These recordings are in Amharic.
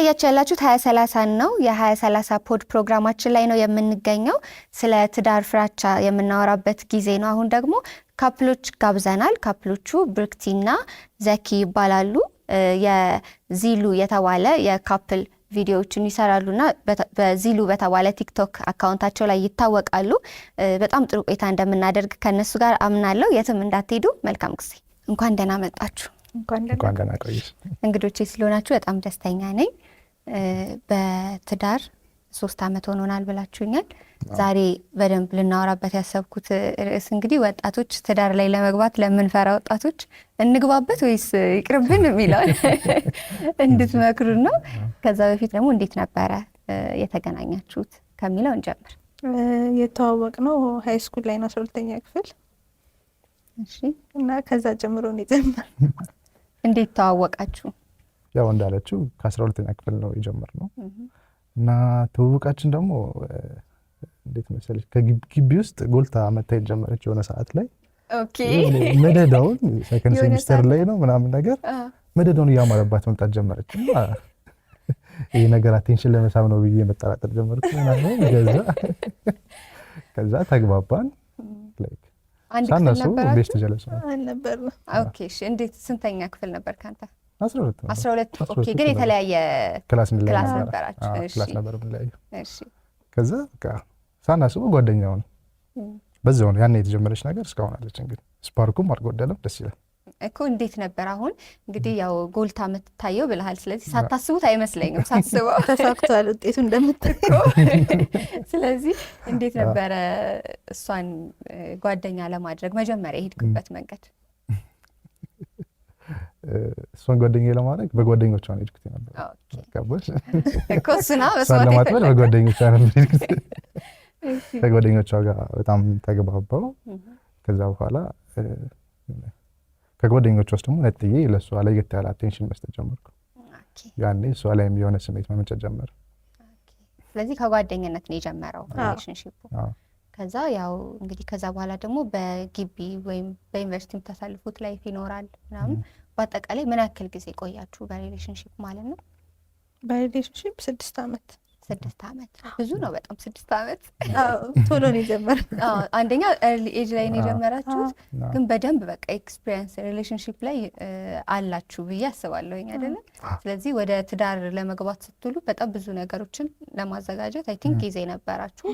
እያያችሁ ያላችሁት ሀያ ሰላሳን ነው። የሀያ ሰላሳ ፖድ ፕሮግራማችን ላይ ነው የምንገኘው። ስለ ትዳር ፍራቻ የምናወራበት ጊዜ ነው። አሁን ደግሞ ካፕሎች ጋብዘናል። ካፕሎቹ ብርክቲና ዘኪ ይባላሉ። የዚሉ የተባለ የካፕል ቪዲዮዎችን ይሰራሉና በዚሉ በተባለ ቲክቶክ አካውንታቸው ላይ ይታወቃሉ። በጣም ጥሩ ቆይታ እንደምናደርግ ከእነሱ ጋር አምናለሁ። የትም እንዳትሄዱ። መልካም ጊዜ። እንኳን ደህና መጣችሁ። እንኳን ደህና እንግዶቼ ስለሆናችሁ በጣም ደስተኛ ነኝ። በትዳር ሶስት አመት ሆኖናል ብላችሁኛል። ዛሬ በደንብ ልናወራበት ያሰብኩት ርዕስ እንግዲህ ወጣቶች ትዳር ላይ ለመግባት ለምንፈራ ወጣቶች እንግባበት ወይስ ይቅርብን የሚለውን እንድትመክሩን ነው። ከዛ በፊት ደግሞ እንዴት ነበረ የተገናኛችሁት ከሚለው እንጀምር። የተዋወቅ ነው ሀይ ስኩል ላይ ነው አስራ ሁለተኛ ክፍል እና ከዛ ጀምሮ ነው የጀመርነው። እንዴት ተዋወቃችሁ? ያው እንዳለችው ከአስራ ሁለተኛ ክፍል ነው የጀመርነው እና ትውውቃችን ደግሞ እንዴት መሰለች ከግቢ ውስጥ ጎልታ መታየት ጀመረች የሆነ ሰዓት ላይ መደዳውን ሰከንድ ሴሚስተር ላይ ነው ምናምን ነገር መደዳውን እያማረባት መምጣት ጀመረች። ይህ ነገር አቴንሽን ለመሳብ ነው ብዬ መጠራጠር ጀመርኩ። ከዛ ተግባባን። ሳነሱ ቤሽ ተጀለሱ ነበር። እንዴት ስንተኛ ክፍል ነበር ከአንተ? አስራ ሁለት ኦኬ። ግን የተለያየ ክላስ ነበር የምንለያየው። ከዛ በቃ ሳናስበው ጓደኛ ሆነ። በዛው ነው ያኔ የተጀመረች ነገር እስካሁን አለች። እንግዲህ ስፓርኩም አልጎደለም። ደስ ይላል እኮ እንዴት ነበር አሁን እንግዲህ ያው ጎልታ የምትታየው ብልሃል። ስለዚህ ሳታስቡት አይመስለኝም ሳስበው ተሳክቷል ውጤቱ እንደምትቀው። ስለዚህ እንዴት ነበረ እሷን ጓደኛ ለማድረግ መጀመሪያ የሄድክበት መንገድ? እሷን ጓደኛ ለማድረግ በጓደኞቿ ነው ሄድኩት ነበር እኮ እሷን ለማጥመድ በጓደኞቿ ነበር ሄድኩት። ከጓደኞቿ ጋር በጣም ተግባባው። ከዛ በኋላ ከጓደኞቿ ውስጥ ደግሞ ነጥዬ ለእሷ ላይ ገት ያለ አቴንሽን መስጠት ጀመርኩ። ያኔ እሷ ላይ የሆነ ስሜት መመንጨት ጀመር። ስለዚህ ከጓደኝነት ነው የጀመረው ሪሌሽንሺፑ። ከዛ ያው እንግዲህ ከዛ በኋላ ደግሞ በግቢ ወይም በዩኒቨርሲቲ የምታሳልፉት ላይፍ ይኖራል ምናምን በአጠቃላይ ምን ያክል ጊዜ ቆያችሁ በሪሌሽንሽፕ ማለት ነው? በሪሌሽንሽፕ ስድስት አመት ስድስት አመት ብዙ ነው በጣም ስድስት ዓመት ቶሎ ነው የጀመረ። አንደኛ ኤርሊ ኤጅ ላይ ነው የጀመራችሁት፣ ግን በደንብ በቃ ኤክስፒሪየንስ ሪሌሽንሽፕ ላይ አላችሁ ብዬ አስባለሁኝ አይደለ? ስለዚህ ወደ ትዳር ለመግባት ስትሉ በጣም ብዙ ነገሮችን ለማዘጋጀት አይ ቲንክ ጊዜ ነበራችሁ።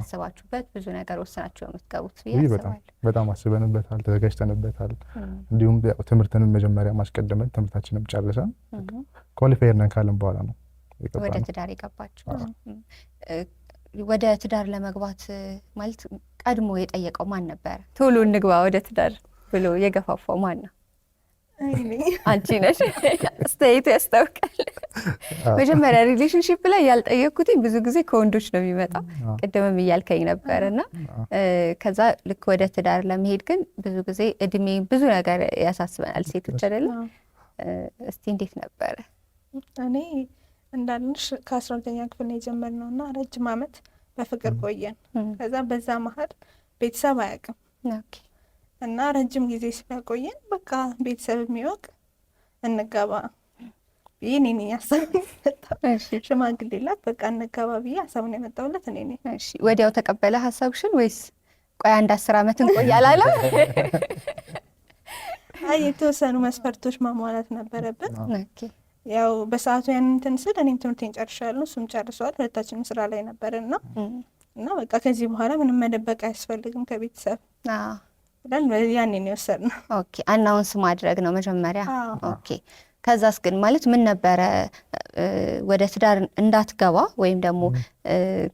አስባችሁበት ብዙ ነገር ወስናችሁ የምትገቡት ብዬ በጣም አስበንበታል፣ ተዘጋጅተንበታል። እንዲሁም ትምህርትንም መጀመሪያ ማስቀደመን ትምህርታችንም ጨርሰን ኳሊፋየር ነን ካለን በኋላ ነው ወደ ትዳር የገባችሁ። ወደ ትዳር ለመግባት ማለት ቀድሞ የጠየቀው ማን ነበር? ቶሎ እንግባ ወደ ትዳር ብሎ የገፋፋው ማን ነው? አንቺ ነሽ ያስታውቃል። መጀመሪያ ሪሌሽንሽፕ ላይ ያልጠየኩትኝ ብዙ ጊዜ ከወንዶች ነው የሚመጣው፣ ቅድምም እያልከኝ ነበር እና ከዛ ልክ ወደ ትዳር ለመሄድ ግን ብዙ ጊዜ እድሜ ብዙ ነገር ያሳስበናል ሴቶች አይደለ? እስቲ እንዴት ነበረ? እኔ እንዳልንሽ ከአስራ ሁለተኛ ክፍል ነው የጀመርነው እና ረጅም አመት በፍቅር ቆየን። ከዛ በዛ መሀል ቤተሰብ አያውቅም እና ረጅም ጊዜ ስለቆየን በቃ ቤተሰብ የሚወቅ እንጋባ ብዬ እኔ ነኝ ሀሳቡን የመጣው ሽማግሌ ላት በቃ እንጋባ ብዬ ሀሳብን የመጣውለት እኔ ነኝ። ወዲያው ተቀበለ ሀሳብሽን ወይስ ቆይ አንድ አስር ዓመት እንቆይ አላለም? አይ የተወሰኑ መስፈርቶች ማሟላት ነበረብን። ያው በሰዓቱ ያንን እንትን ስል እኔም ትምህርቴን ጨርሻለሁ፣ እሱም ጨርሰዋል። ሁለታችንም ስራ ላይ ነበርና እና በቃ ከዚህ በኋላ ምንም መደበቅ አያስፈልግም ከቤተሰብ ብለን ያኔን የወሰድነው ኦኬ፣ አናውንስ ማድረግ ነው መጀመሪያ። ኦኬ ከዛስ ግን ማለት ምን ነበረ? ወደ ትዳር እንዳትገባ ወይም ደግሞ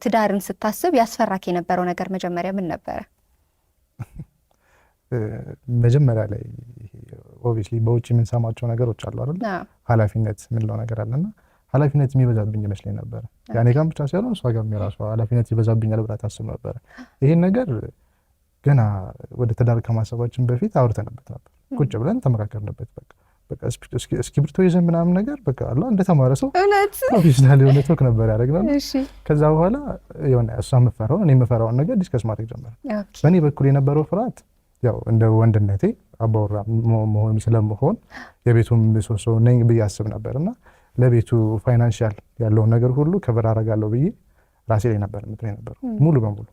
ትዳርን ስታስብ ያስፈራክ የነበረው ነገር መጀመሪያ ምን ነበረ? መጀመሪያ ላይ ኦብቪየስሊ በውጭ የምንሰማቸው ነገሮች አሉ አይደል? ኃላፊነት የምንለው ነገር አለና ኃላፊነት የሚበዛብኝ ይመስለኝ ነበረ። ያኔ ጋር ብቻ ሳይሆን እሷ ጋር የራሷ ኃላፊነት ይበዛብኛል ብላ ታስብ ነበረ። ይሄን ነገር ገና ወደ ትዳር ከማሰባችን በፊት አውርተንበት ነበር። ቁጭ ብለን ተመካከርንበት። በቃ በቃ እስክሪብቶ ይዘን ምናምን ነገር በቃ አላ እንደተማረ ሰው ፕሮፌሽናል የሆነ ቶክ ነበር ያደረግነው። ከዛ በኋላ የሆነ እሷ የምፈራውን እኔ የምፈራውን ነገር ዲስከስ ማድረግ ጀመረ። በእኔ በኩል የነበረው ፍርሃት ያው እንደ ወንድነቴ አባወራ መሆን ስለመሆን የቤቱን ምሰሶ ነኝ ብዬ አስብ ነበር እና ለቤቱ ፋይናንሻል ያለውን ነገር ሁሉ ከበር አረጋለሁ ብዬ ራሴ ላይ ነበር ምትሬ ነበር ሙሉ በሙሉ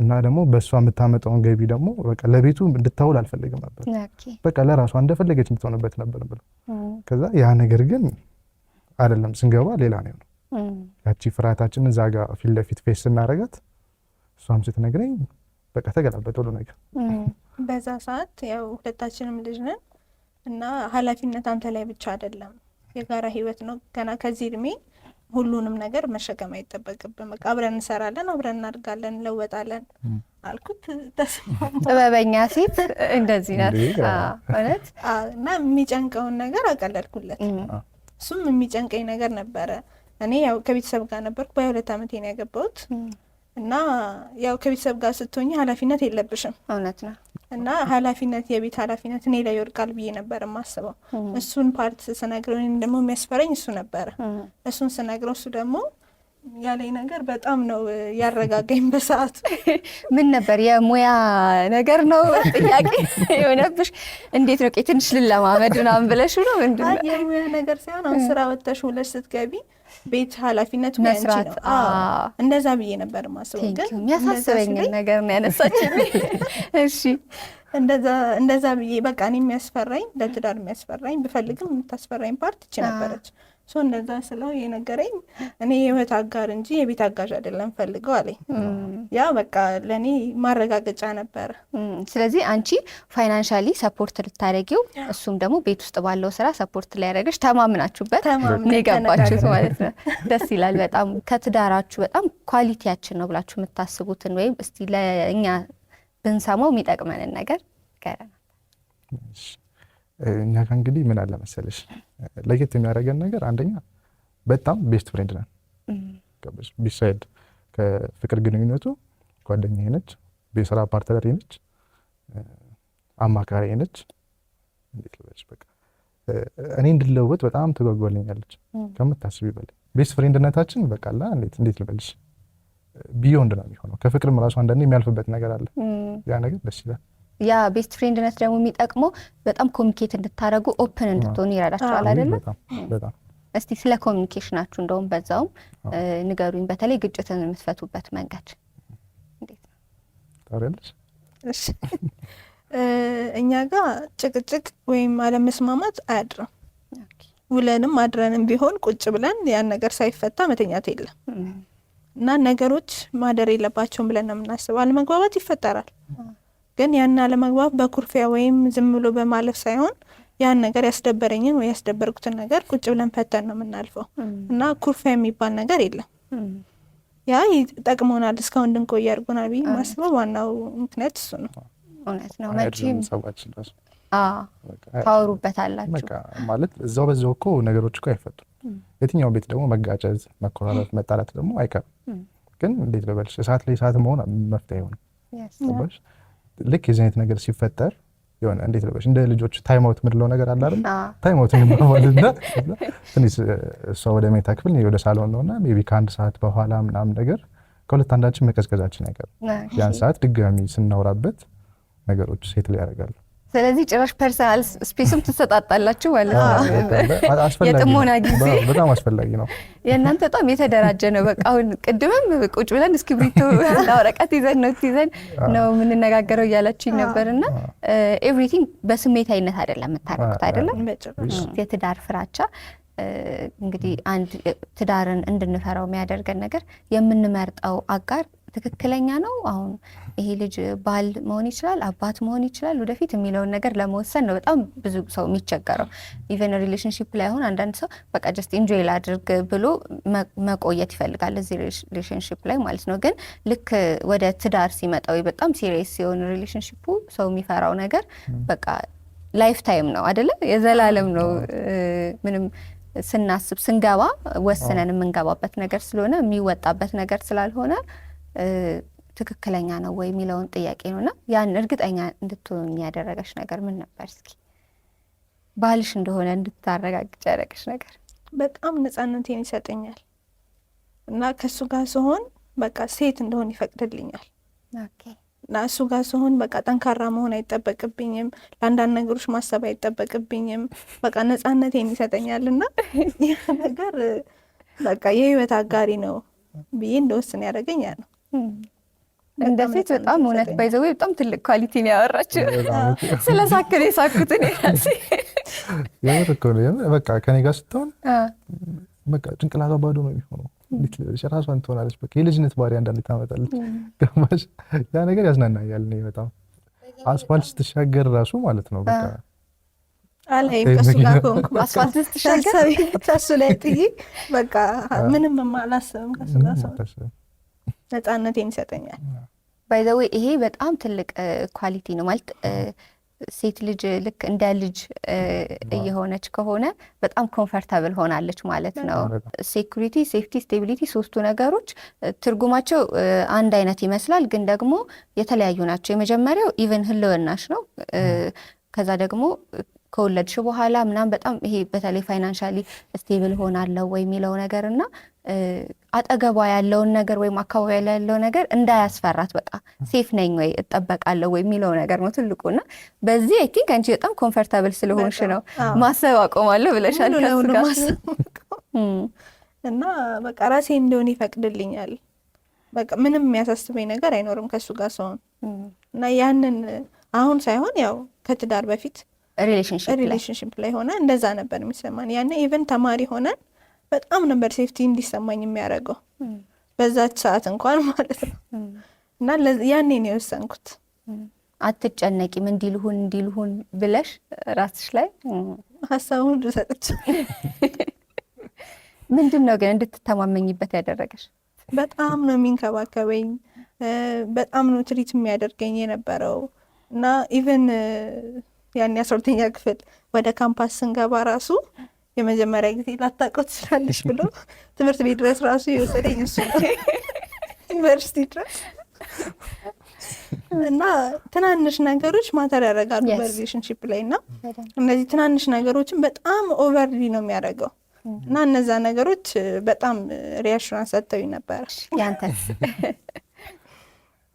እና ደግሞ በእሷ የምታመጣውን ገቢ ደግሞ በቃ ለቤቱ እንድታውል አልፈልግም ነበር። በቃ ለራሷ እንደፈለገች የምትሆንበት ነበር ብለው ከዛ ያ ነገር ግን አይደለም ስንገባ ሌላ ነው ነው ያቺ ፍርሃታችን እዛ ጋ ፊት ለፊት ፌስ ስናረጋት እሷም ስትነግረኝ በቃ ተገላበጠ ሁሉ ነገር። በዛ ሰዓት ያው ሁለታችንም ልጅ ነን እና ኃላፊነት አንተ ላይ ብቻ አይደለም የጋራ ህይወት ነው ገና ከዚህ እድሜ ሁሉንም ነገር መሸከም አይጠበቅብን። በቃ አብረን እንሰራለን፣ አብረን እናድጋለን፣ እንለወጣለን አልኩት። ጥበበኛ ሴት እንደዚህ ናት እውነት። እና የሚጨንቀውን ነገር አቀለልኩለት። እሱም የሚጨንቀኝ ነገር ነበረ። እኔ ያው ከቤተሰብ ጋር ነበርኩ። በሁለት አመት ነው ያገባሁት እና ያው ከቤተሰብ ጋር ስትሆኝ ኃላፊነት የለብሽም እውነት ነው እና ኃላፊነት የቤት ኃላፊነት እኔ ላይ ይወድቃል ብዬ ነበር የማስበው። እሱን ፓርት ስነግረው ወይም ደግሞ የሚያስፈረኝ እሱ ነበረ። እሱን ስነግረው እሱ ደግሞ ያለኝ ነገር በጣም ነው ያረጋጋኝ። በሰዓቱ ምን ነበር የሙያ ነገር ነው ጥያቄ የሆነብሽ? እንዴት ነው ትንሽ ልለማመድ ምናምን ብለሽ ነው ምንድን ነው የሙያ ነገር ሳይሆን አሁን ስራ ወጥተሽ ውለሽ ስትገቢ ቤት ኃላፊነት መስራት እንደዛ ብዬ ነበር ማስበው፣ ግን የሚያሳስበኝን ነገር ነው ያነሳችኝ። እሺ እንደዛ ብዬ በቃ እኔ የሚያስፈራኝ ለትዳር የሚያስፈራኝ ብፈልግም የምታስፈራኝ ፓርት ይቺ ነበረች። ሶ እንደዛ ስለው የነገረኝ እኔ የህይወት አጋር እንጂ የቤት አጋዥ አይደለም ፈልገው አለኝ። ያ በቃ ለእኔ ማረጋገጫ ነበረ። ስለዚህ አንቺ ፋይናንሻሊ ሰፖርት ልታደረጊው፣ እሱም ደግሞ ቤት ውስጥ ባለው ስራ ሰፖርት ላያደረገች ተማምናችሁበት የገባችሁት ማለት ነው። ደስ ይላል በጣም ከትዳራችሁ በጣም ኳሊቲያችን ነው ብላችሁ የምታስቡትን ወይም እስቲ ለእኛ ብንሰማው የሚጠቅመንን ነገር ገረናል። እኛ ጋር እንግዲህ ምን አለ መሰለሽ ለየት የሚያደርገን ነገር አንደኛ በጣም ቤስት ፍሬንድ ነን። ቢሳይድ ከፍቅር ግንኙነቱ ጓደኛ ነች፣ የስራ ፓርትነር ነች፣ አማካሪ ነች። እኔ እንድለወጥ በጣም ትጓጓልኛለች ከምታስብ ይበል ቤስት ፍሬንድነታችን በቃላ እንዴት እንዴት ልበልሽ ቢዮንድ ነው የሚሆነው። ከፍቅርም ራሱ አንዳንዴ የሚያልፍበት ነገር አለ። ያ ነገር ደስ ይላል። ያ ቤስት ፍሬንድነት ደግሞ የሚጠቅመው በጣም ኮሚኒኬት እንድታደረጉ ኦፕን እንድትሆኑ ይረዳቸዋል። አይደለም እስቲ ስለ ኮሚኒኬሽናችሁ እንደውም በዛውም ንገሩኝ፣ በተለይ ግጭትን የምትፈቱበት መንገድ እኛ ጋር ጭቅጭቅ ወይም አለመስማማት አያድርም። ውለንም አድረንም ቢሆን ቁጭ ብለን ያን ነገር ሳይፈታ መተኛት የለም እና ነገሮች ማደር የለባቸውም ብለን ነው የምናስበው። አለመግባባት ይፈጠራል ግን ያን አለመግባብ በኩርፊያ ወይም ዝም ብሎ በማለፍ ሳይሆን ያን ነገር ያስደበረኝን ወይ ያስደበርኩትን ነገር ቁጭ ብለን ፈተን ነው የምናልፈው እና ኩርፊያ የሚባል ነገር የለም። ያ ይጠቅመናል፣ እስካሁን እንድንቆይ ያድርጎናል ብዬ ማስበው ዋናው ምክንያት እሱ ነው። እውነት ነው። መቼም ታወሩበታላችሁ ማለት እዛው በዛው እኮ ነገሮች እኮ አይፈቱም። የትኛውን ቤት ደግሞ መጋጨት፣ መኮራረት፣ መጣላት ደግሞ አይቀርም። ግን እንዴት በበልሽ እሳት ላይ እሳት መሆን መፍትሄ አይሆንም። ልክ የዚህ አይነት ነገር ሲፈጠር የሆነ እንዴት ልበሽ እንደ ልጆች ታይም አውት የምንለው ነገር አለ አይደል? ታይም አውት የሚባልና ትንሽ እሷ ወደ መኝታ ክፍል ወደ ሳሎን ነውና ሜይ ቢ ከአንድ ሰዓት በኋላ ምናምን ነገር ከሁለት አንዳችን መቀዝቀዛችን አይቀርም። ያን ሰዓት ድጋሚ ስናወራበት ነገሮች ሴት ላይ ያደርጋሉ። ስለዚህ ጭራሽ ፐርሰናል ስፔስም ትሰጣጣላችሁ ማለት ነው። የጥሞና ጊዜ በጣም አስፈላጊ ነው። የእናንተ በጣም የተደራጀ ነው። በቃ አሁን ቅድምም ቁጭ ብለን እስክሪብቶ እና ወረቀት ይዘን ነው ይዘን ነው የምንነጋገረው እያላችሁኝ ነበር እና ኤቭሪቲንግ አይነት አይደለም የምታረቁት አይደለም። የትዳር ፍራቻ እንግዲህ አንድ ትዳርን እንድንፈራው የሚያደርገን ነገር የምንመርጠው አጋር ትክክለኛ ነው። አሁን ይሄ ልጅ ባል መሆን ይችላል፣ አባት መሆን ይችላል ወደፊት የሚለውን ነገር ለመወሰን ነው በጣም ብዙ ሰው የሚቸገረው። ኢቨን ሪሌሽንሽፕ ላይ አሁን አንዳንድ ሰው በቃ ጀስት ኢንጆይ ላድርግ ብሎ መቆየት ይፈልጋል እዚህ ሪሌሽንሽፕ ላይ ማለት ነው። ግን ልክ ወደ ትዳር ሲመጣ ወይ በጣም ሲሪየስ ሲሆን ሪሌሽንሽፑ ሰው የሚፈራው ነገር በቃ ላይፍ ታይም ነው አደለ? የዘላለም ነው ምንም ስናስብ ስንገባ ወስነን የምንገባበት ነገር ስለሆነ የሚወጣበት ነገር ስላልሆነ ትክክለኛ ነው ወይ የሚለውን ጥያቄ ነው እና ያን እርግጠኛ እንድትሆኝ ያደረገሽ ነገር ምን ነበር? እስኪ ባልሽ እንደሆነ እንድታረጋግጭ ያደረገች ነገር? በጣም ነጻነቴን ይሰጠኛል እና ከእሱ ጋር ስሆን በቃ ሴት እንደሆን ይፈቅድልኛል እና እሱ ጋር ስሆን በቃ ጠንካራ መሆን አይጠበቅብኝም። ለአንዳንድ ነገሮች ማሰብ አይጠበቅብኝም። በቃ ነጻነቴን ይሰጠኛል እና ይህ ነገር በቃ የህይወት አጋሪ ነው ብዬ እንደወስን ያደረገኝ ያ ነው። እንደ ሴት በጣም እውነት ባይዘው በጣም ትልቅ ኳሊቲ ነው ያወራችው። ስለ ሳክን የሳኩት እኔ ራሴ የምር ነው። በቃ ከኔ ጋር ስትሆን በቃ ጭንቅላቷ ባዶ ነው የሚሆነው። ራሷን ትሆናለች። በቃ የልጅነት ባህሪ አንዳንዴ ታመጣለች። ገማሽ ያ ነገር ያዝናናኛል። እኔ በጣም አስፋልት ስትሻገር ራሱ ማለት ነው በቃ አላይ ከሱ ጋር ከሆንኩ አስፋልት ስትሻገር ከሱ ላይ ጥይ በቃ ምንም አላስብም ከሱ ጋር ሰው ነፃነቴን ይሰጠኛል። ባይዘዌ ይሄ በጣም ትልቅ ኳሊቲ ነው ማለት ሴት ልጅ ልክ እንደ ልጅ እየሆነች ከሆነ በጣም ኮንፈርታብል ሆናለች ማለት ነው። ሴኩሪቲ፣ ሴፍቲ፣ ስቴቢሊቲ ሶስቱ ነገሮች ትርጉማቸው አንድ አይነት ይመስላል፣ ግን ደግሞ የተለያዩ ናቸው። የመጀመሪያው ኢቨን ህልውናሽ ነው። ከዛ ደግሞ ከወለድሽ በኋላ ምናምን በጣም ይሄ በተለይ ፋይናንሻሊ ስቴብል ሆናለው ወይ የሚለው ነገር እና አጠገቧ ያለውን ነገር ወይም አካባቢ ላይ ያለው ነገር እንዳያስፈራት በቃ ሴፍ ነኝ ወይ እጠበቃለሁ ወይ የሚለው ነገር ነው ትልቁ እና በዚህ አይ ቲንክ አንቺ በጣም ኮንፈርታብል ስለሆንሽ ነው ማሰብ አቆማለሁ ብለሻል። እና በቃ ራሴ እንደሆን ይፈቅድልኛል። በቃ ምንም የሚያሳስበኝ ነገር አይኖርም ከእሱ ጋር ሰሆን እና ያንን አሁን ሳይሆን ያው ከትዳር በፊት ሪሌሽንሽፕ ላይ ሆነ እንደዛ ነበር የሚሰማን ያኔ ኢቨን ተማሪ ሆነን በጣም ነበር ሴፍቲ እንዲሰማኝ የሚያደርገው በዛች ሰዓት እንኳን ማለት ነው። እና ያኔ ነው የወሰንኩት። አትጨነቂም እንዲልሁን እንዲልሁን ብለሽ ራስሽ ላይ ሀሳቡን ሰጥች። ምንድን ነው ግን እንድትተማመኝበት ያደረገሽ? በጣም ነው የሚንከባከበኝ፣ በጣም ነው ትሪት የሚያደርገኝ የነበረው እና ኢቨን ያን የአስራሁለተኛ ክፍል ወደ ካምፓስ ስንገባ ራሱ የመጀመሪያ ጊዜ ላታውቀው ትችላለች ብሎ ትምህርት ቤት ድረስ ራሱ የወሰደኝ እሱ ዩኒቨርሲቲ ድረስ እና ትናንሽ ነገሮች ማተር ያደርጋሉ በሪሌሽንሽፕ ላይ እና እነዚህ ትናንሽ ነገሮችን በጣም ኦቨርሊ ነው የሚያደርገው እና እነዛ ነገሮች በጣም ሪያሹራንስ ሰጥተው ነበረ። ያንተ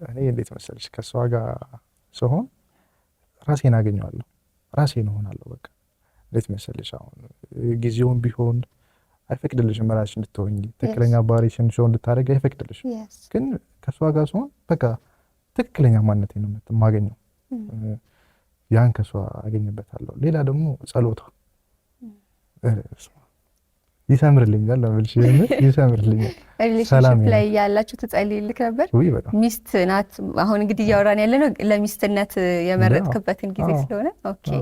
እኔ እንዴት መሰለች ከእሷ ጋር ሲሆን ራሴን አገኘዋለሁ፣ ራሴን እሆናለሁ። በቃ እንዴት መሰለሽ አሁን ጊዜውን ቢሆን አይፈቅድልሽም ራስሽ እንድትሆኝ ትክክለኛ ባህሪሽን ሾው እንድታደርግ አይፈቅድልሽም። ግን ከእሷ ጋር ሲሆን በቃ ትክክለኛ ማንነቴ ነው የማገኘው። mm. ያን ከእሷ አገኝበታለሁ። ሌላ ደግሞ ጸሎታ mm. ይሰምርልኛል ለምልሽ ይሰምርልኛል። ሪሌሽንሽፕ ላይ ያላችሁ ትጸልይልክ ነበር። ሚስት ናት። አሁን እንግዲህ እያወራን ያለ ነው ለሚስትነት የመረጥክበትን ጊዜ ስለሆነ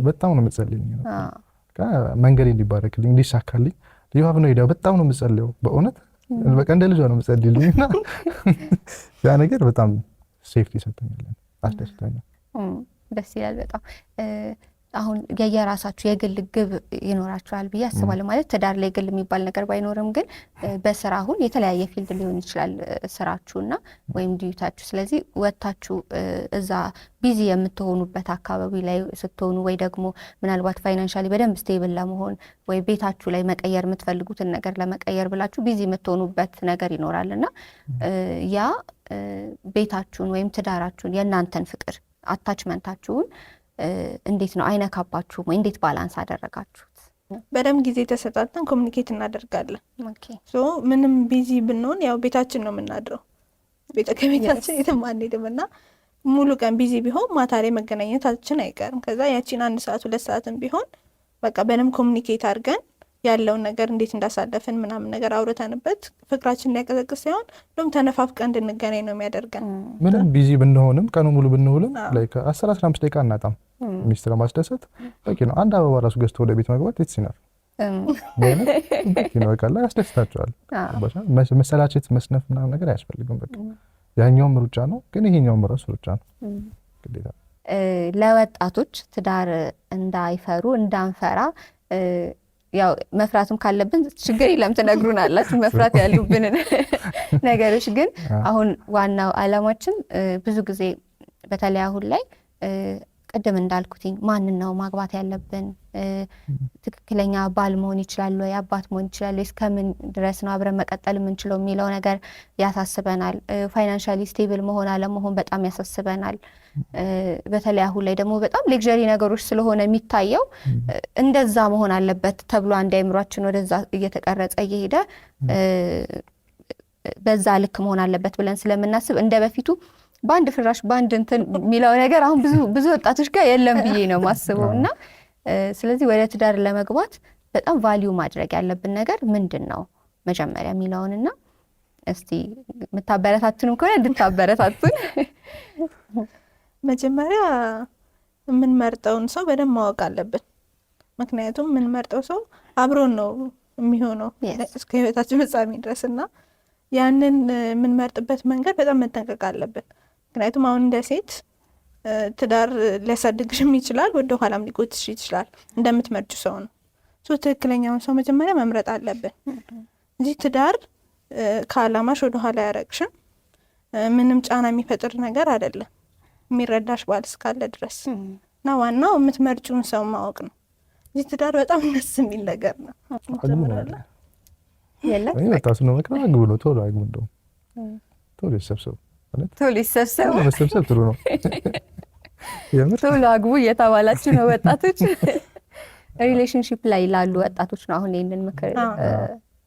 በጣም ነው የምጸልይኝ መንገድ እንዲባረክልኝ እንዲሳካልኝ። ልዩ ሀብ ነው ሄዳ በጣም ነው የምጸልየው በእውነት በቃ እንደ ልጇ ነው የምጸልይልኝ እና ያ ነገር በጣም ሴፍቲ ይሰጠኛል፣ አስደስተኛል። ደስ ይላል በጣም አሁን የየራሳችሁ የግል ግብ ይኖራችኋል ብዬ አስባለሁ። ማለት ትዳር ላይ ግል የሚባል ነገር ባይኖርም ግን በስራ አሁን የተለያየ ፊልድ ሊሆን ይችላል ስራችሁና ወይም ድዩታችሁ። ስለዚህ ወጥታችሁ እዛ ቢዚ የምትሆኑበት አካባቢ ላይ ስትሆኑ ወይ ደግሞ ምናልባት ፋይናንሻሊ በደንብ ስቴብል ለመሆን ወይ ቤታችሁ ላይ መቀየር የምትፈልጉትን ነገር ለመቀየር ብላችሁ ቢዚ የምትሆኑበት ነገር ይኖራል እና ያ ቤታችሁን ወይም ትዳራችሁን የእናንተን ፍቅር አታችመንታችሁን እንዴት ነው አይነካባችሁም ወይ? እንዴት ባላንስ አደረጋችሁት? በደንብ ጊዜ ተሰጣጥተን ኮሚኒኬት እናደርጋለን። ምንም ቢዚ ብንሆን ያው ቤታችን ነው የምናድረው፣ ከቤታችን የትም አንሄድም እና ሙሉ ቀን ቢዚ ቢሆን ማታ ላይ መገናኘታችን አይቀርም። ከዛ ያቺን አንድ ሰዓት ሁለት ሰዓትም ቢሆን በቃ በደንብ ኮሚኒኬት አድርገን ያለውን ነገር እንዴት እንዳሳለፍን ምናምን ነገር አውርተንበት ፍቅራችን ሊያቀዘቅዝ ሳይሆን እንደውም ተነፋፍቀ እንድንገናኝ ነው የሚያደርገን። ምንም ቢዚ ብንሆንም ቀኑ ሙሉ ብንውልም አስር አስራ አምስት ደቂቃ እናጣም። ሚስት ለማስደሰት በቂ ነው። አንድ አበባ ራሱ ገዝቶ ወደ ቤት መግባት የት ይትሲናል ይበቃላ፣ ያስደስታቸዋል። መሰላቸት፣ መስነፍ ምናምን ነገር አያስፈልግም። በቃ ያኛውም ሩጫ ነው፣ ግን ይሄኛውም ራሱ ሩጫ ነው ግዴታ ለወጣቶች ትዳር እንዳይፈሩ እንዳንፈራ ያው መፍራትም ካለብን ችግር የለም ትነግሩን መፍራት ያሉብንን ነገሮች። ግን አሁን ዋናው አላማችን ብዙ ጊዜ በተለይ አሁን ላይ ቅድም እንዳልኩትኝ ማንን ነው ማግባት ያለብን? ትክክለኛ ባል መሆን ይችላል ወይ አባት መሆን ይችላል ወይ እስከምን ድረስ ነው አብረን መቀጠል የምንችለው የሚለው ነገር ያሳስበናል። ፋይናንሻሊ ስቴብል መሆን አለመሆን በጣም ያሳስበናል። በተለይ አሁን ላይ ደግሞ በጣም ሌክዠሪ ነገሮች ስለሆነ የሚታየው እንደዛ መሆን አለበት ተብሎ አንድ አይምሯችን ወደዛ እየተቀረጸ እየሄደ በዛ ልክ መሆን አለበት ብለን ስለምናስብ እንደ በፊቱ በአንድ ፍራሽ በአንድ እንትን የሚለው ነገር አሁን ብዙ ብዙ ወጣቶች ጋር የለም ብዬ ነው ማስበው። እና ስለዚህ ወደ ትዳር ለመግባት በጣም ቫሊዩ ማድረግ ያለብን ነገር ምንድን ነው መጀመሪያ የሚለውንና እስቲ የምታበረታቱንም ከሆነ እንድታበረታቱን መጀመሪያ የምንመርጠውን ሰው በደንብ ማወቅ አለብን። ምክንያቱም የምንመርጠው ሰው አብሮን ነው የሚሆነው እስከ ህይወታችን ፍጻሜ ድረስ እና ያንን የምንመርጥበት መንገድ በጣም መጠንቀቅ አለብን። ምክንያቱም አሁን እንደ ሴት ትዳር ሊያሳድግሽም ይችላል፣ ወደ ኋላም ሊጎትሽ ይችላል። እንደምትመርጩ ሰው ነው። ትክክለኛውን ሰው መጀመሪያ መምረጥ አለብን እንጂ ትዳር ከአላማሽ ወደ ኋላ ያረግሽም ምንም ጫና የሚፈጥር ነገር አይደለም። የሚረዳሽ ባል እስካለ ድረስ እና ዋናው የምትመርጩን ሰው ማወቅ ነው። እዚህ ትዳር በጣም ደስ የሚል ነገር ነው። የለም ታስነ ነው ቶሎ አግቡ እንደውም ቶሎ ይሰብሰቡ ቶሎ ይሰብሰቡ። መሰብሰብ ጥሩ ነው። ቶሎ አግቡ እየተባላችሁ ነው ወጣቶች። ሪሌሽንሽፕ ላይ ላሉ ወጣቶች ነው አሁን ይህንን ምክር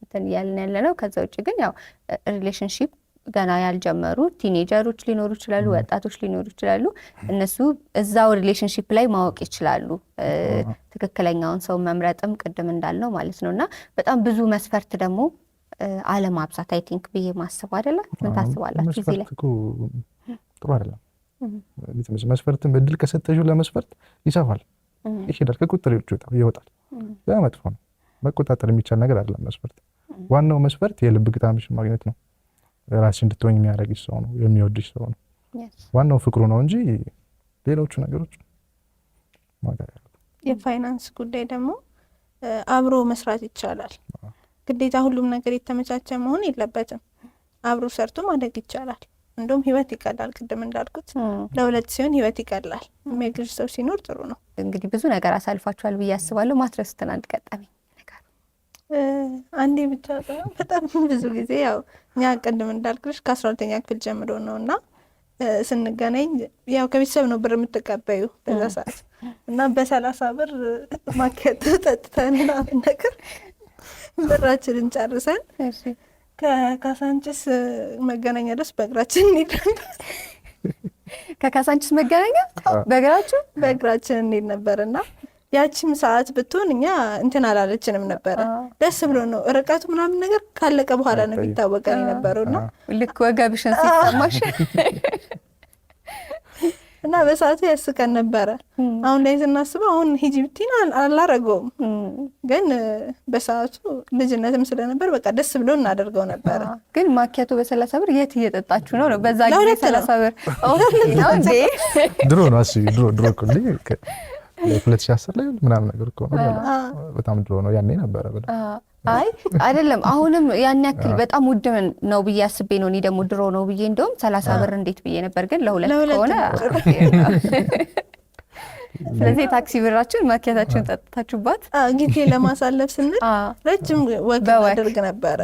እንትን እያልን ያለ ነው። ከዛ ውጭ ግን ያው ሪሌሽንሽፕ ገና ያልጀመሩ ቲኔጀሮች ሊኖሩ ይችላሉ፣ ወጣቶች ሊኖሩ ይችላሉ። እነሱ እዛው ሪሌሽንሽፕ ላይ ማወቅ ይችላሉ ትክክለኛውን ሰው መምረጥም ቅድም እንዳልነው ማለት ነው እና በጣም ብዙ መስፈርት ደግሞ አለማብዛት አይ ቲንክ ብዬ ማስብ አይደለ? ምን ታስባላችሁ? እዚህ ላይ ጥሩ አይደለም። መስፈርትን በድል ከሰጠሽው ለመስፈርት ይሰፋል፣ ይሄዳል፣ ከቁጥር ይወጣል። ያ መጥፎ ነው። መቆጣጠር የሚቻል ነገር አይደለም መስፈርት። ዋናው መስፈርት የልብ ግጣምሽን ማግኘት ነው። ራስሽ እንድትሆኝ የሚያደርግሽ ሰው ነው፣ የሚወድሽ ሰው ነው። ዋናው ፍቅሩ ነው እንጂ ሌሎቹ ነገሮች የፋይናንስ ጉዳይ ደግሞ አብሮ መስራት ይቻላል። ግዴታ ሁሉም ነገር የተመቻቸ መሆን የለበትም። አብሮ ሰርቶ ማደግ ይቻላል። እንደውም ህይወት ይቀላል። ቅድም እንዳልኩት ለሁለት ሲሆን ህይወት ይቀላል። የሚያግዝ ሰው ሲኖር ጥሩ ነው። እንግዲህ ብዙ ነገር አሳልፋችኋል ብዬ አስባለሁ። ማትረሱትን አንድ ገጠመኝ አንዴ ብቻ በጣም ብዙ ጊዜ ያው እኛ ቅድም እንዳልኩሽ ከአስራ ሁለተኛ ክፍል ጀምሮ ነው እና ስንገናኝ ያው ከቤተሰብ ነው ብር የምትቀበዩ በዛ ሰዓት እና በሰላሳ ብር ማኪያቶ ጠጥተን ምናምን ነገር ብራችንን ጨርሰን ከካሳንችስ መገናኛ ድረስ በእግራችን እንሄድ ከካሳንችስ መገናኛ በእግራችሁ በእግራችን እንሄድ ነበር እና ያቺም ሰዓት ብትሆን እኛ እንትን አላለችንም ነበረ። ደስ ብሎ ነው ርቀቱ ምናምን ነገር ካለቀ በኋላ ነው የሚታወቀን የነበረው እና ልክ ወገብሽን ሲሰማሽ እና በሰዓቱ ያስቀን ነበረ። አሁን ላይ ስናስበው አሁን ሂጂ ብቲን አላረገውም፣ ግን በሰዓቱ ልጅነትም ስለነበር በቃ ደስ ብሎ እናደርገው ነበረ። ግን ማኪያቱ በሰላሳ ብር የት እየጠጣችሁ ነው ነው? በዛ ጊዜ ሰላሳ ብር ድሮ ነው ድሮ ድሮ ሁለት ሺህ አስር ላይ ምናምን ነገር እኮ ነው። በጣም ድሮ ነው። ያኔ ነበረ። አይ አይደለም። አሁንም ያን ያክል በጣም ውድ ነው ብዬ አስቤ ነው። እኔ ደግሞ ድሮ ነው ብዬ እንደውም ሰላሳ ብር እንዴት ብዬ ነበር፣ ግን ለሁለት ከሆነ ስለዚህ የታክሲ ብራችሁን ማኪያታችሁን ጠጥታችሁባት ጊዜ ለማሳለፍ ስንል ረጅም ወግ አደርግ ነበረ።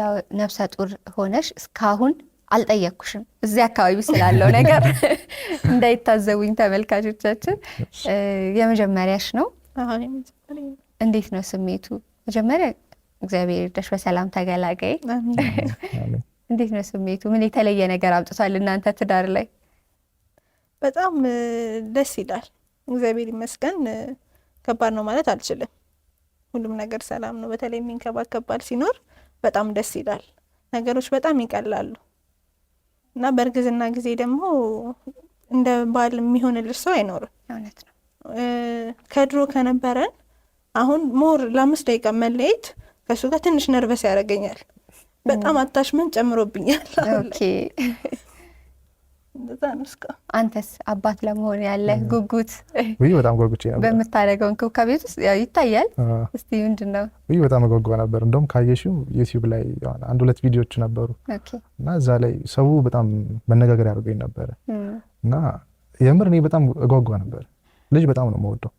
ያው ነፍሰ ጡር ሆነሽ እስካሁን አልጠየኩሽም እዚህ አካባቢ ስላለው ነገር እንዳይታዘቡኝ ተመልካቾቻችን። የመጀመሪያሽ ነው። እንዴት ነው ስሜቱ? መጀመሪያ እግዚአብሔር ይርዳሽ፣ በሰላም ተገላገይ። እንዴት ነው ስሜቱ? ምን የተለየ ነገር አምጥቷል እናንተ ትዳር ላይ? በጣም ደስ ይላል። እግዚአብሔር ይመስገን። ከባድ ነው ማለት አልችልም። ሁሉም ነገር ሰላም ነው። በተለይ የሚንከባከባል ሲኖር በጣም ደስ ይላል። ነገሮች በጣም ይቀላሉ። እና በእርግዝና ጊዜ ደግሞ እንደ ባል የሚሆንልሽ ሰው አይኖርም። እውነት ነው። ከድሮ ከነበረን አሁን ሞር ለአምስት ደቂቃ መለየት ከእሱ ጋር ትንሽ ነርቨስ ያደርገኛል። በጣም አታሽመን ጨምሮብኛል። አንተስ አባት ለመሆን ያለ ጉጉት በጣም ጓጉቼ ነበር። በምታደርገው እንክብካቤ ውስጥ ይታያል። እስቲ ምንድን ነው? በጣም ጓጓ ነበር። እንደውም ካየሽው ዩቲዩብ ላይ አንድ ሁለት ቪዲዮዎች ነበሩ እና እዛ ላይ ሰው በጣም መነጋገር ያደርገኝ ነበረ እና የምር እኔ በጣም እጓጓ ነበር። ልጅ በጣም ነው የምወደው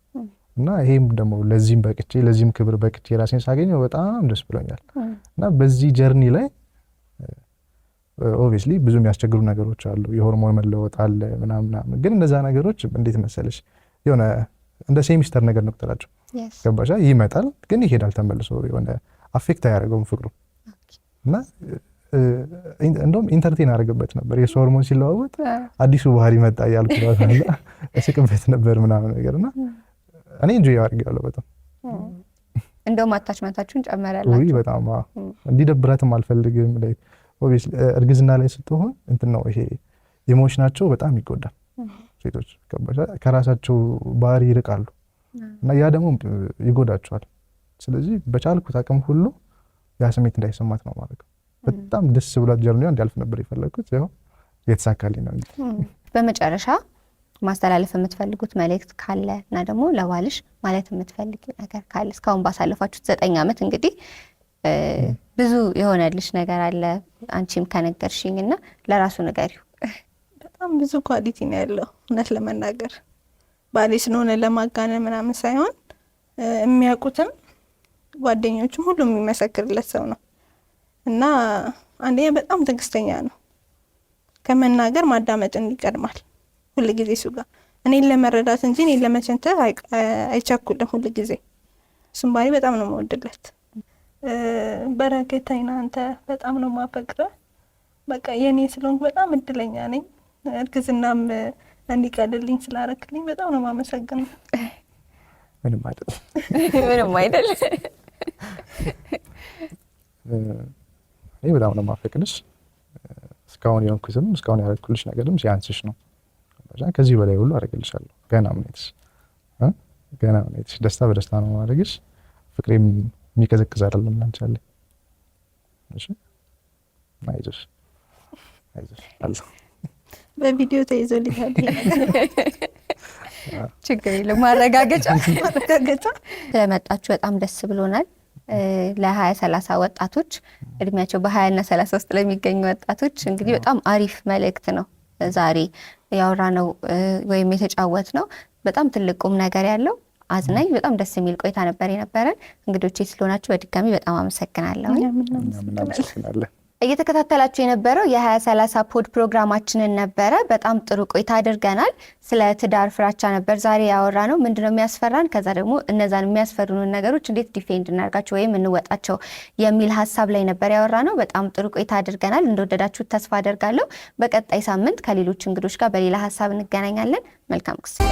እና ይሄም ደግሞ ለዚህም በቅቼ ለዚህም ክብር በቅቼ ራሴን ሳገኘው በጣም ደስ ብሎኛል እና በዚህ ጀርኒ ላይ ኦብቪየስሊ ብዙ የሚያስቸግሩ ነገሮች አሉ። የሆርሞን መለወጥ አለ ምናምን ግን እነዛ ነገሮች እንዴት መሰለሽ የሆነ እንደ ሴሚስተር ነገር ነው ገባሻ? ይመጣል ግን ይሄዳል ተመልሶ የሆነ አፌክት አያደርገውም ፍቅሩ እና እንደውም ኢንተርቴን አደረገበት ነበር የሱ ሆርሞን ሲለዋወጥ አዲሱ ባህሪ መጣ እያልኩ እስቅበት ነበር ምናምን ነገር እና እኔ እንጂ ያለ በጣም እንደውም አታችመንታችሁን ጨመረላችሁ በጣም እንዲደብረትም አልፈልግም እርግዝና ላይ ስትሆን እንትን ነው ይሄ ኢሞሽናቸው በጣም ይጎዳል። ሴቶች ከራሳቸው ባህሪ ይርቃሉ እና ያ ደግሞ ይጎዳቸዋል። ስለዚህ በቻልኩት አቅም ሁሉ ያ ስሜት እንዳይሰማት ነው ማለት ነው። በጣም ደስ ብሏት ጀርኒያ እንዲያልፍ ነበር የፈለግኩት፣ ያው የተሳካልኝ ነው። በመጨረሻ ማስተላለፍ የምትፈልጉት መልእክት ካለ እና ደግሞ ለባልሽ ማለት የምትፈልግ ነገር ካለ እስካሁን ባሳለፋችሁት ዘጠኝ ዓመት እንግዲህ ብዙ የሆነልሽ ነገር አለ አንቺም ከነገርሽኝ እና ለራሱ ንገሪው። በጣም ብዙ ኳሊቲ ነው ያለው እውነት ለመናገር ባሌ ስለሆነ ለማጋነን ምናምን ሳይሆን የሚያውቁትም ጓደኞችም ሁሉም የሚመሰክርለት ሰው ነው እና አንደኛ በጣም ትዕግስተኛ ነው። ከመናገር ማዳመጥን ይቀድማል ሁል ጊዜ እሱ ጋር እኔን ለመረዳት እንጂ እኔን ለመቸንተር አይቸኩልም ሁል ጊዜ። እሱም ባሌ በጣም ነው መወድለት በረከት አይና አንተ በጣም ነው ማፈቅረ በቃ የኔ ስለሆንክ በጣም እድለኛ ነኝ። እርግዝናም እንዲቀልልኝ ስላረክልኝ በጣም ነው ማመሰግነው። ምንም አይደል፣ ምንም አይደል። እኔ በጣም ነው ማፈቅንሽ። እስካሁን የሆንኩትም እስካሁን ያደረግኩልሽ ነገርም ሲያንስሽ ነው። ከዚህ በላይ ሁሉ አደርግልሻለሁ። ገና ምኔትሽ ገና ምኔትሽ ደስታ በደስታ ነው ማድረግሽ ፍቅሬም የሚቀዘቅዝ አይደለም። ለምሳሌ አይዞሽ አይዞሽ አለ። በቪዲዮ ተይዞልኛል። ችግር የለም። ማረጋገጫ ማረጋገጫ። ስለመጣችሁ በጣም ደስ ብሎናል። ለሀያ ሰላሳ ወጣቶች እድሜያቸው በሀያ እና ሰላሳ ውስጥ ለሚገኙ ወጣቶች እንግዲህ በጣም አሪፍ መልእክት ነው ዛሬ ያወራ ነው ወይም የተጫወት ነው። በጣም ትልቅ ቁም ነገር ያለው አዝናኝ በጣም ደስ የሚል ቆይታ ነበር የነበረን። እንግዶቼ ስለሆናችሁ በድጋሚ በጣም አመሰግናለሁ። እየተከታተላችሁ የነበረው የሀያ ሰላሳ ፖድ ፕሮግራማችንን ነበረ። በጣም ጥሩ ቆይታ አድርገናል። ስለ ትዳር ፍራቻ ነበር ዛሬ ያወራ ነው። ምንድነው የሚያስፈራን፣ ከዛ ደግሞ እነዛን የሚያስፈሩንን ነገሮች እንዴት ዲፌንድ እናርጋቸው ወይም እንወጣቸው የሚል ሀሳብ ላይ ነበር ያወራ ነው። በጣም ጥሩ ቆይታ አድርገናል። እንደወደዳችሁት ተስፋ አደርጋለሁ። በቀጣይ ሳምንት ከሌሎች እንግዶች ጋር በሌላ ሀሳብ እንገናኛለን። መልካም ጊዜ